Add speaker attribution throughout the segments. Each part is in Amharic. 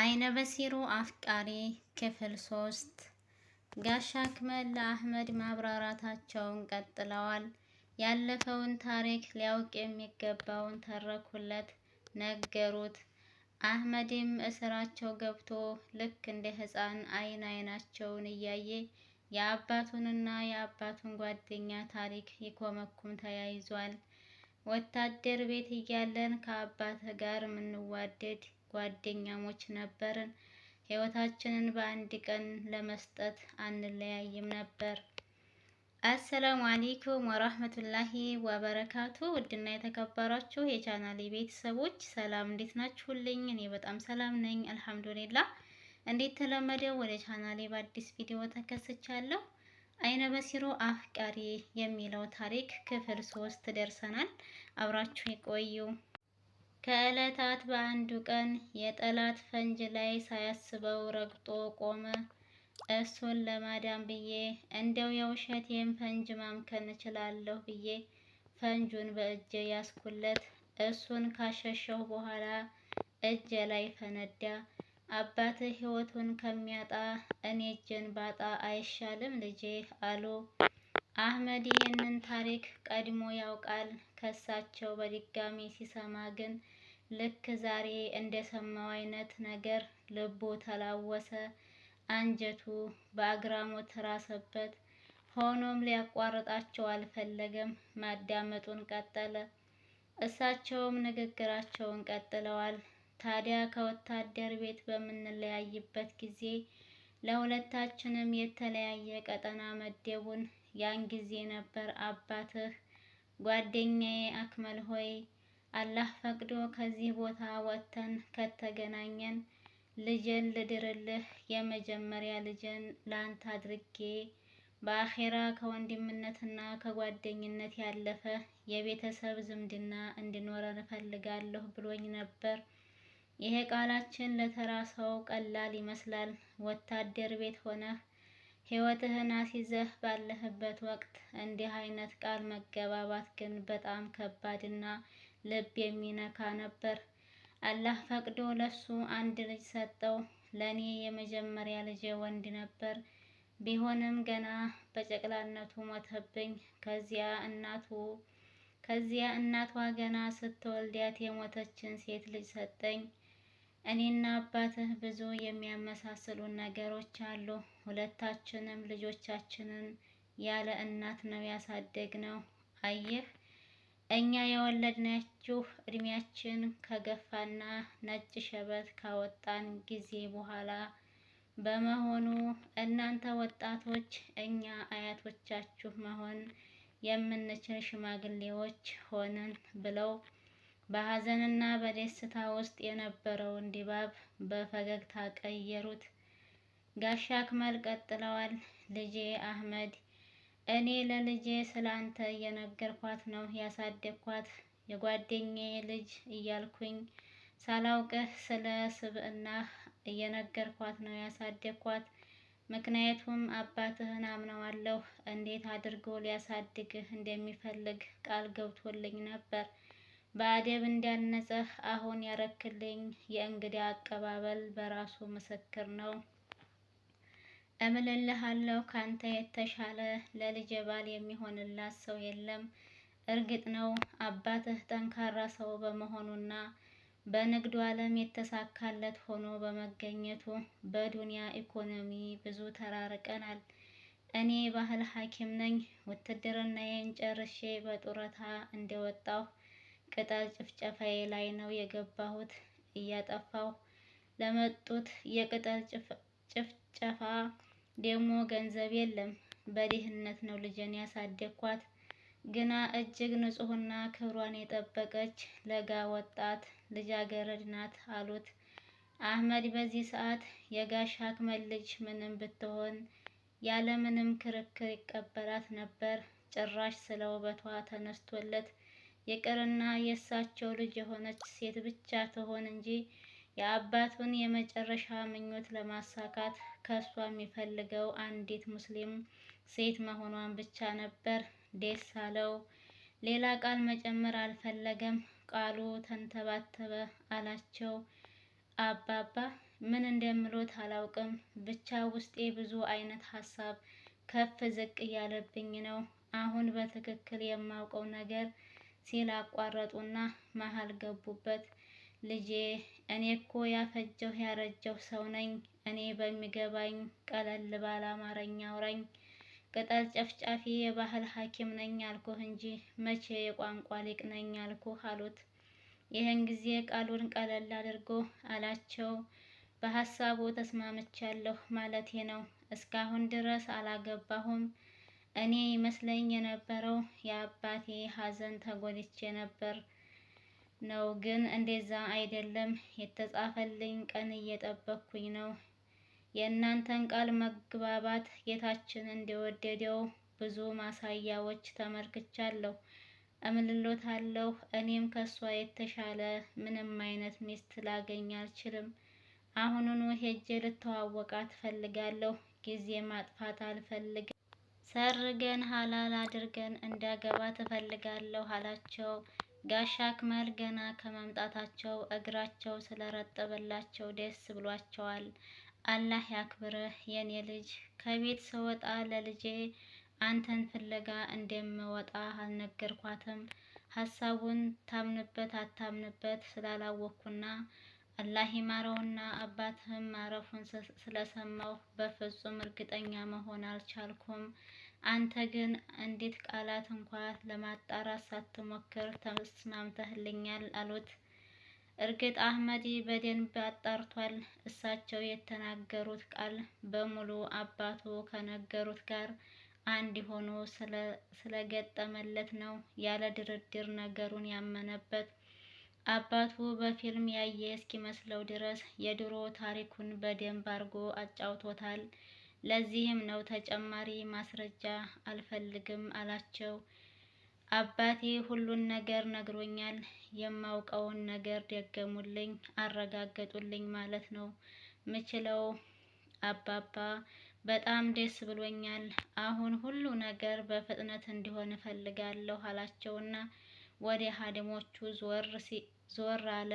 Speaker 1: አይነ በሲሩ አፍቃሪ ክፍል ሶስት ጋሻ አክመል ለአህመድ ማብራራታቸውን ቀጥለዋል። ያለፈውን ታሪክ ሊያውቅ የሚገባውን ተረኩለት፣ ነገሩት። አህመድም እስራቸው ገብቶ ልክ እንደ ሕፃን አይን አይናቸውን እያየ የአባቱንና የአባቱን ጓደኛ ታሪክ ይኮመኩም ተያይዟል። ወታደር ቤት እያለን ከአባት ጋር የምንዋደድ ጓደኛሞች ነበርን። ህይወታችንን በአንድ ቀን ለመስጠት አንለያይም ነበር።
Speaker 2: አሰላሙ አሌይኩም ወራህመቱላሂ ወበረካቱ። ውድና የተከበራችሁ የቻናሌ ቤተሰቦች ሰላም፣ እንዴት ናችሁልኝ? እኔ በጣም ሰላም ነኝ አልሐምዱሊላህ። እንዴት ተለመደው ወደ ቻናሌ በአዲስ ቪዲዮ ተከስቻለሁ። አይነ በሲሮ አፍቃሪ የሚለው ታሪክ ክፍል ሶስት ደርሰናል። አብራችሁ ይቆዩ።
Speaker 1: ከእለታት በአንዱ ቀን የጠላት ፈንጅ ላይ ሳያስበው ረግጦ ቆመ። እሱን ለማዳን ብዬ እንደው የውሸቴን ፈንጅ ማምከን እችላለሁ ብዬ ፈንጁን በእጄ ያስኩለት። እሱን ካሸሸሁ በኋላ እጄ ላይ ፈነዳ። አባትህ ሕይወቱን ከሚያጣ እኔ እጄን ባጣ አይሻልም ልጄ አሉ። አህመድ ይህንን ታሪክ ቀድሞ ያውቃል። ከሳቸው በድጋሚ ሲሰማ ግን ልክ ዛሬ እንደሰማው አይነት ነገር ልቡ ተላወሰ፣ አንጀቱ በአግራሞት ተራሰበት። ሆኖም ሊያቋርጣቸው አልፈለገም። ማዳመጡን ቀጠለ። እሳቸውም ንግግራቸውን ቀጥለዋል። ታዲያ ከወታደር ቤት በምንለያይበት ጊዜ ለሁለታችንም የተለያየ ቀጠና መደቡን። ያን ጊዜ ነበር አባትህ ጓደኛዬ አክመል ሆይ አላህ ፈቅዶ ከዚህ ቦታ ወጥተን ከተገናኘን ልጅን ልድርልህ፣ የመጀመሪያ ልጅን ላንተ አድርጌ በአኼራ ከወንድምነትና ከጓደኝነት ያለፈ የቤተሰብ ዝምድና እንድኖረን እፈልጋለሁ ብሎኝ ነበር። ይሄ ቃላችን ለተራ ሰው ቀላል ይመስላል። ወታደር ቤት ሆነህ ሕይወትህን አስይዘህ ባለህበት ወቅት እንዲህ አይነት ቃል መገባባት ግን በጣም ከባድና ልብ የሚነካ ነበር። አላህ ፈቅዶ ለሱ አንድ ልጅ ሰጠው። ለኔ የመጀመሪያ ልጄ ወንድ ነበር። ቢሆንም ገና በጨቅላነቱ ሞተብኝ። ከዚያ እናቱ ከዚያ እናቷ ገና ስትወልዳት የሞተችን ሴት ልጅ ሰጠኝ። እኔና አባትህ ብዙ የሚያመሳስሉን ነገሮች አሉ። ሁለታችንም ልጆቻችንን ያለ እናት ነው ያሳደግነው። አየህ እኛ የወለድናችሁ እድሜያችን ከገፋና ነጭ ሸበት ካወጣን ጊዜ በኋላ በመሆኑ እናንተ ወጣቶች እኛ አያቶቻችሁ መሆን የምንችል ሽማግሌዎች ሆንን ብለው በሐዘንና በደስታ ውስጥ የነበረውን ድባብ በፈገግታ ቀየሩት። ጋሻ አክመል ቀጥለዋል። ልጄ አህመድ፣ እኔ ለልጄ ስለ አንተ እየነገርኳት ነው ያሳደግኳት የጓደኛዬ ልጅ እያልኩኝ ሳላውቅህ ስለ ስብእና እየነገርኳት ነው ያሳደግኳት። ምክንያቱም አባትህን አምነዋለሁ እንዴት አድርጎ ሊያሳድግህ እንደሚፈልግ ቃል ገብቶልኝ ነበር። በአደብ እንዳነጸህ አሁን ያረክልኝ የእንግዳ አቀባበል በራሱ ምስክር ነው። እምልልሃለሁ ካንተ የተሻለ ለልጅ ባል የሚሆንላት ሰው የለም። እርግጥ ነው አባትህ ጠንካራ ሰው በመሆኑና በንግዱ ዓለም የተሳካለት ሆኖ በመገኘቱ በዱንያ ኢኮኖሚ ብዙ ተራርቀናል። እኔ ባህል ሐኪም ነኝ። ውትድርናዬን ጨርሼ በጡረታ እንደወጣሁ ቅጠል ጭፍጨፋዬ ላይ ነው የገባሁት እያጠፋው ለመጡት የቅጠል ጭፍጨፋ ደግሞ ገንዘብ የለም። በድህነት ነው ልጄን ያሳደግኳት። ግና እጅግ ንጹህና ክብሯን የጠበቀች ለጋ ወጣት ልጃገረድ ናት አሉት። አህመድ በዚህ ሰዓት የጋሽ አክመል ልጅ ምንም ብትሆን ያለምንም ክርክር ይቀበላት ነበር። ጭራሽ ስለ ውበቷ ተነስቶለት ይቅርና የእሳቸው ልጅ የሆነች ሴት ብቻ ትሆን እንጂ የአባቱን የመጨረሻ ምኞት ለማሳካት ከእሷ የሚፈልገው አንዲት ሙስሊም ሴት መሆኗን ብቻ ነበር። ደስ አለው። ሌላ ቃል መጨመር አልፈለገም። ቃሉ ተንተባተበ። አላቸው አባባ ምን እንደምሎት አላውቅም፣ ብቻ ውስጤ ብዙ አይነት ሀሳብ ከፍ ዝቅ እያለብኝ ነው። አሁን በትክክል የማውቀው ነገር ሲል አቋረጡና መሀል ገቡበት። ልጄ እኔ እኮ ያፈጀሁ ያረጀሁ ሰው ነኝ። እኔ በሚገባኝ ቀለል ባለ አማርኛ አውራኝ። ቅጠል ጨፍጫፊ የባህል ሐኪም ነኝ አልኩህ እንጂ መቼ የቋንቋ ሊቅ ነኝ አልኩህ አሉት። ይህን ጊዜ ቃሉን ቀለል አድርጎ አላቸው። በሀሳቡ ተስማምቻለሁ ማለቴ ነው። እስካሁን ድረስ አላገባሁም። እኔ ይመስለኝ የነበረው የአባ በአባቴ ሐዘን ተጎድቼ ነበር ነው ግን እንደዛ አይደለም። የተጻፈልኝ ቀን እየጠበኩኝ ነው። የእናንተን ቃል መግባባት ጌታችን እንደወደደው ብዙ ማሳያዎች ተመልክቻለሁ። እምልሎታለሁ፣ እኔም ከሷ የተሻለ ምንም አይነት ሚስት ላገኝ አልችልም። አሁኑኑ ሄጄ ልተዋወቃት ፈልጋለሁ። ጊዜ ማጥፋት አልፈልግም። ሰርገን ሀላል አድርገን እንዳገባ ትፈልጋለሁ አላቸው። ጋሻ አክመል ገና ከመምጣታቸው እግራቸው ስለረጠበላቸው ደስ ብሏቸዋል። አላህ ያክብርህ የኔ ልጅ፣ ከቤት ስወጣ ለልጄ አንተን ፍለጋ እንደምወጣ አልነገርኳትም። ሀሳቡን ታምንበት አታምንበት ስላላወቅኩና አላህ ይማረውና አባትህም ማረፉን ስለሰማሁ በፍጹም እርግጠኛ መሆን አልቻልኩም። አንተ ግን እንዴት ቃላት እንኳ ለማጣራት ሳትሞክር ተስማምተህልኛል አሉት። እርግጥ አህመዲ በደንብ አጣርቷል። እሳቸው የተናገሩት ቃል በሙሉ አባቱ ከነገሩት ጋር አንድ ሆኖ ስለገጠመለት ነው ያለ ድርድር ነገሩን ያመነበት። አባቱ በፊልም ያየ እስኪመስለው ድረስ የድሮ ታሪኩን በደንብ አድርጎ አጫውቶታል። ለዚህም ነው ተጨማሪ ማስረጃ አልፈልግም አላቸው። አባቴ ሁሉን ነገር ነግሮኛል። የማውቀውን ነገር ደገሙልኝ፣ አረጋገጡልኝ ማለት ነው ምችለው። አባባ በጣም ደስ ብሎኛል። አሁን ሁሉ ነገር በፍጥነት እንዲሆን እፈልጋለሁ አላቸውና ወደ ሀድሞቹ ዞር ሲ ዞር አለ።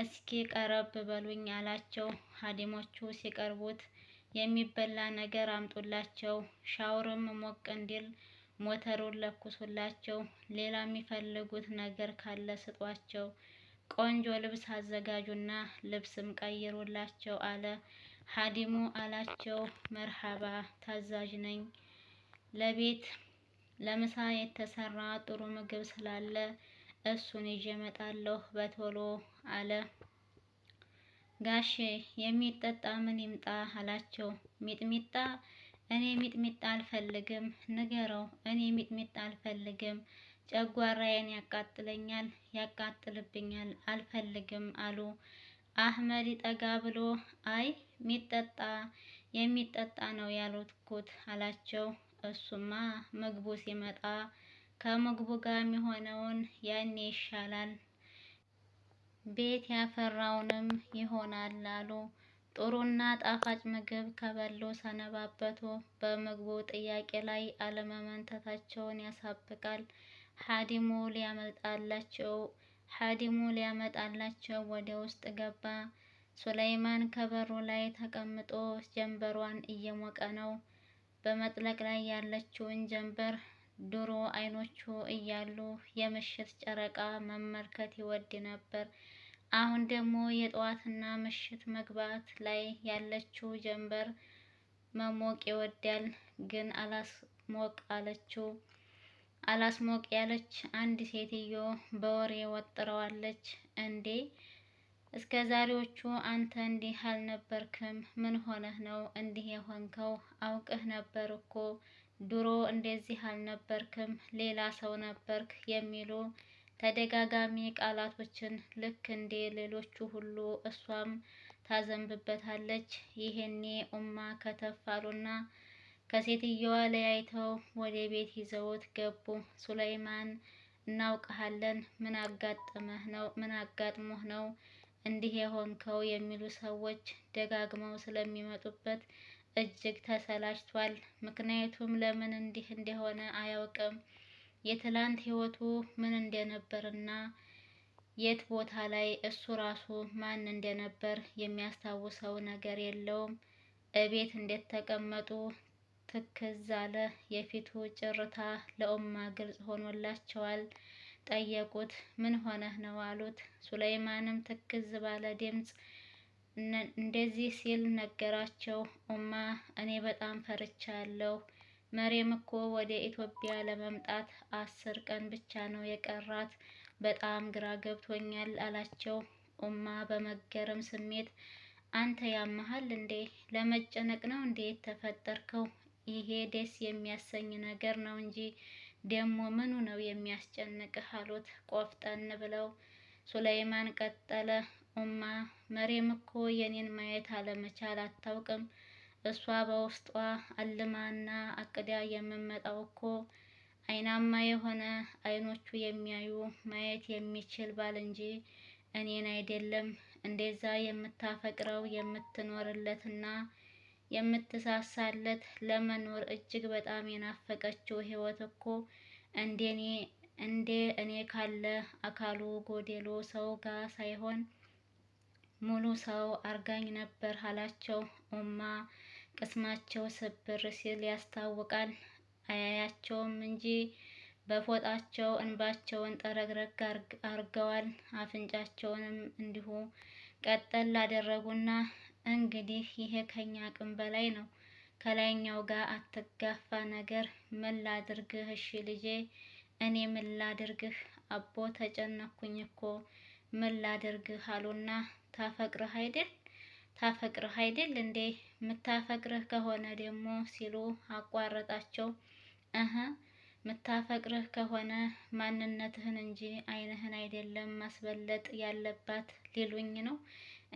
Speaker 1: እስኪ ቀረብ በሉኝ አላቸው። ሀዲሞቹ ሲቀርቡት የሚበላ ነገር አምጡላቸው፣ ሻውርም ሞቅ እንዲል ሞተሩን ለኩሱላቸው፣ ሌላ የሚፈልጉት ነገር ካለ ስጧቸው፣ ቆንጆ ልብስ አዘጋጁና ልብስም ቀይሩላቸው አለ። ሀዲሙ አላቸው መርሃባ ታዛዥ ነኝ። ለቤት ለምሳ የተሰራ ጥሩ ምግብ ስላለ እሱን ይዤ እመጣለሁ በቶሎ አለ። ጋሼ የሚጠጣ ምን ይምጣ አላቸው። ሚጥሚጣ እኔ ሚጥሚጣ አልፈልግም። ንገረው እኔ ሚጥሚጣ አልፈልግም፣ ጨጓራዬን ያቃጥለኛል፣ ያቃጥልብኛል፣ አልፈልግም አሉ። አህመድ ጠጋ ብሎ አይ ሚጠጣ የሚጠጣ ነው ያሉት ኩት አላቸው። እሱማ ምግቡ ሲመጣ ከምግቡ ጋር የሚሆነውን ያኔ ይሻላል፣ ቤት ያፈራውንም ይሆናል አሉ። ጥሩና ጣፋጭ ምግብ ከበሉ ሰነባበቱ። በምግቡ ጥያቄ ላይ አለመመንተታቸውን ያሳብቃል። ሀዲሙ ሊያመጣላቸው ሀዲሙ ሊያመጣላቸው ወደ ውስጥ ገባ። ሱለይማን ከበሩ ላይ ተቀምጦ ጀንበሯን እየሞቀ ነው። በመጥለቅ ላይ ያለችውን ጀንበር ድሮ አይኖቹ እያሉ የምሽት ጨረቃ መመልከት ይወድ ነበር። አሁን ደግሞ የጠዋትና ምሽት መግባት ላይ ያለችው ጀንበር መሞቅ ይወዳል። ግን አላስሞቅ አለችው አላስሞቅ ያለች አንድ ሴትዮ በወሬ ወጥረዋለች። እንዴ እስከ ዛሬዎቹ አንተ እንዲህ አልነበርክም? ምን ሆነህ ነው እንዲህ የሆንከው? አውቅህ ነበር እኮ ድሮ እንደዚህ አልነበርክም፣ ሌላ ሰው ነበርክ የሚሉ ተደጋጋሚ ቃላቶችን ልክ እንደ ሌሎቹ ሁሉ እሷም ታዘንብበታለች። ይሄኔ ኡማ ከተፋሉና ከሴትየዋ ለያይተው ወደ ቤት ይዘውት ገቡ። ሱለይማን እናውቀሃለን፣ ምን አጋጥመህ ነው? ምን አጋጥሞህ ነው እንዲህ የሆንከው? የሚሉ ሰዎች ደጋግመው ስለሚመጡበት እጅግ ተሰላችቷል። ምክንያቱም ለምን እንዲህ እንደሆነ አያውቅም። የትላንት ህይወቱ ምን እንደነበርና የት ቦታ ላይ እሱ ራሱ ማን እንደነበር የሚያስታውሰው ነገር የለውም። እቤት እንደተቀመጡ ትክዝ አለ። የፊቱ ጭርታ ለኡማ ግልጽ ሆኖላቸዋል። ጠየቁት። ምን ሆነህ ነው አሉት። ሱለይማንም ትክዝ ባለ ድምፅ እንደዚህ ሲል ነገራቸው። ኡማ እኔ በጣም ፈርቻለሁ። መሬም እኮ ወደ ኢትዮጵያ ለመምጣት አስር ቀን ብቻ ነው የቀራት። በጣም ግራ ገብቶኛል አላቸው። ኡማ በመገረም ስሜት አንተ ያመሃል እንዴ? ለመጨነቅ ነው እንዴት ተፈጠርከው? ይሄ ደስ የሚያሰኝ ነገር ነው እንጂ ደግሞ ምኑ ነው የሚያስጨንቅህ? አሉት ቆፍጠን ብለው። ሱለይማን ቀጠለ ኡማ መሬም እኮ የኔን ማየት አለመቻል አታውቅም። እሷ በውስጧ አልማና አቅዳ የምመጣው እኮ አይናማ የሆነ አይኖቹ የሚያዩ ማየት የሚችል ባል እንጂ እኔን አይደለም። እንደዛ የምታፈቅረው የምትኖርለትና የምትሳሳለት ለመኖር እጅግ በጣም የናፈቀችው ህይወት እኮ እንደኔ እንደ እኔ ካለ አካሉ ጎደሎ ሰው ጋር ሳይሆን ሙሉ ሰው አርጋኝ ነበር አላቸው። ኡማ ቅስማቸው ስብር ሲል ያስታውቃል። አያያቸውም እንጂ በፎጣቸው እንባቸውን ጠረግረግ አርገዋል። አፍንጫቸውንም እንዲሁ ቀጠል አደረጉና እንግዲህ ይሄ ከኛ አቅም በላይ ነው። ከላይኛው ጋር አትጋፋ ነገር ምን ላድርግህ? እሺ ልጄ፣ እኔ ምን ላድርግህ? አቦ ተጨነኩኝ እኮ ምን ላድርግህ አሉና ታፈቅርህ አይደል ታፈቅርህ አይደል እንዴ ምታፈቅርህ ከሆነ ደግሞ ሲሉ አቋረጣቸው። እህ የምታፈቅርህ ከሆነ ማንነትህን እንጂ አይንህን አይደለም ማስበለጥ ያለባት ሊሉኝ ነው።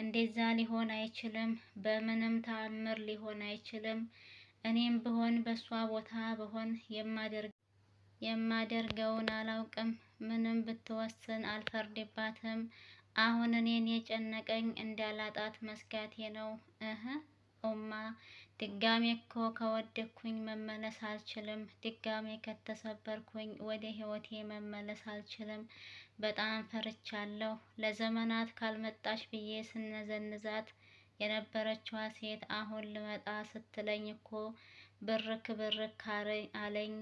Speaker 1: እንደዛ ሊሆን አይችልም። በምንም ተአምር ሊሆን አይችልም። እኔም ብሆን በሷ ቦታ ብሆን የማደርገውን አላውቅም። ምንም ብትወስን አልፈርድባትም። አሁን እኔን የጨነቀኝ እንዳላጣት መስጋቴ ነው። እህ ኦማ ድጋሜ እኮ ከወደኩኝ መመለስ አልችልም። ድጋሜ ከተሰበርኩኝ ወደ ህይወቴ መመለስ አልችልም። በጣም ፈርቻለሁ። ለዘመናት ካልመጣሽ ብዬ ስነዘንዛት የነበረችዋ ሴት አሁን ልመጣ ስትለኝ እኮ ብርክ ብርክ አለኝ።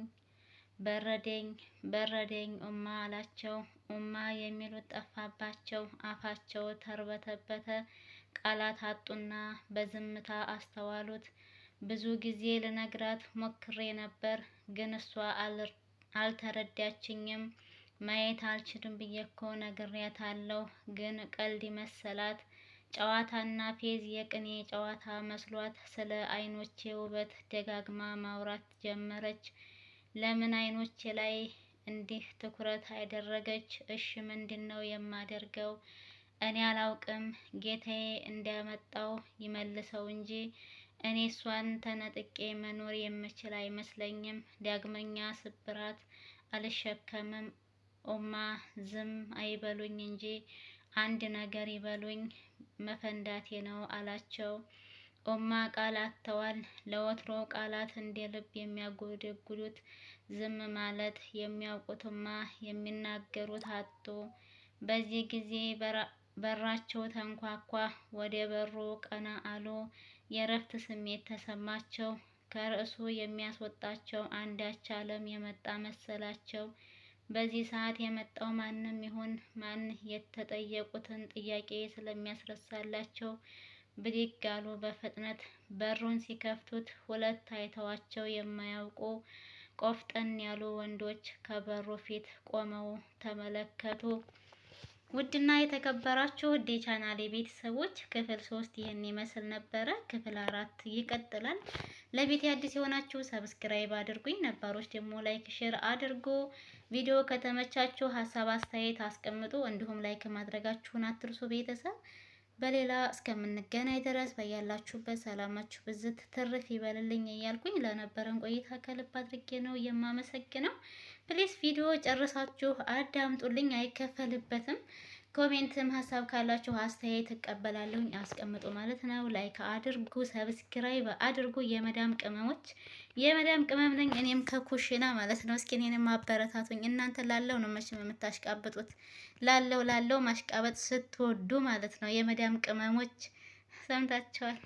Speaker 1: በረደኝ በረደኝ ኦማ አላቸው። ኡማ የሚሉት ጠፋባቸው። አፋቸው ተርበተበተ፣ ቃላት አጡና በዝምታ አስተዋሉት። ብዙ ጊዜ ልነግራት ሞክሬ ነበር፣ ግን እሷ አልተረዳችኝም። ማየት አልችልም ብየኮ እኮ ነግሬያታለሁ፣ ግን ቀልድ መሰላት። ጨዋታና ፌዝ የቅኔ ጨዋታ መስሏት ስለ አይኖቼ ውበት ደጋግማ ማውራት ጀመረች። ለምን አይኖቼ ላይ እንዲህ ትኩረት ያደረገች እሺ ምንድን ነው የማደርገው? እኔ አላውቅም። ጌታዬ እንዳመጣው ይመልሰው እንጂ እኔ እሷን ተነጥቄ መኖር የምችል አይመስለኝም። ዳግመኛ ስብራት አልሸከምም። ኦማ ዝም አይበሉኝ እንጂ አንድ ነገር ይበሉኝ፣ መፈንዳቴ ነው አላቸው። ኦማ ቃል አጥተዋል። ለወትሮ ቃላት እንደ ልብ የሚያጎደጉዱት ዝም ማለት የሚያውቁትማ የሚናገሩት አጡ። በዚህ ጊዜ በራቸው ተንኳኳ። ወደ በሩ ቀና አሉ። የእረፍት ስሜት ተሰማቸው። ከርዕሱ የሚያስወጣቸው አንዳች ዓለም የመጣ መሰላቸው። በዚህ ሰዓት የመጣው ማንም ይሁን ማን የተጠየቁትን ጥያቄ ስለሚያስረሳላቸው ብድግ አሉ። በፍጥነት በሩን ሲከፍቱት ሁለት አይተዋቸው የማያውቁ ቆፍጠን ያሉ ወንዶች ከበሩ ፊት ቆመው ተመለከቱ።
Speaker 2: ውድና የተከበራችሁ ውድ የቻናሌ ቤተሰቦች ክፍል ሶስት ይህን ይመስል ነበረ። ክፍል አራት ይቀጥላል። ለቤት አዲስ የሆናችሁ ሰብስክራይብ አድርጉኝ፣ ነባሮች ደግሞ ላይክ ሼር አድርጎ ቪዲዮ ከተመቻችሁ ሀሳብ አስተያየት አስቀምጡ፣ እንዲሁም ላይክ ማድረጋችሁን አትርሱ ቤተሰብ በሌላ እስከምንገናኝ ድረስ በያላችሁበት ሰላማችሁ ብዝት ትርፍ ይበልልኝ እያልኩኝ ለነበረን ቆይታ ከልብ አድርጌ ነው የማመሰግነው። ፕሊስ ቪዲዮ ጨርሳችሁ አዳምጡልኝ፣ አይከፈልበትም። ኮሜንትም ሀሳብ ካላችሁ አስተያየት እቀበላለሁኝ፣ አስቀምጡ ማለት ነው። ላይክ አድርጉ፣ ሰብስክራይብ አድርጉ። የመዳም ቅመሞች የመዳም ቅመም ነኝ እኔም ከኩሽና ማለት ነው። እስኪ እኔንም ማበረታቱኝ። እናንተ ላለው ነው መቼም የምታሽቃብጡት፣ ላለው ላለው ማሽቃበጥ ስትወዱ ማለት ነው። የመዳም ቅመሞች ሰምታችኋል።